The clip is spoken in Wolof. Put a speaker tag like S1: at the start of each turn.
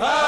S1: haa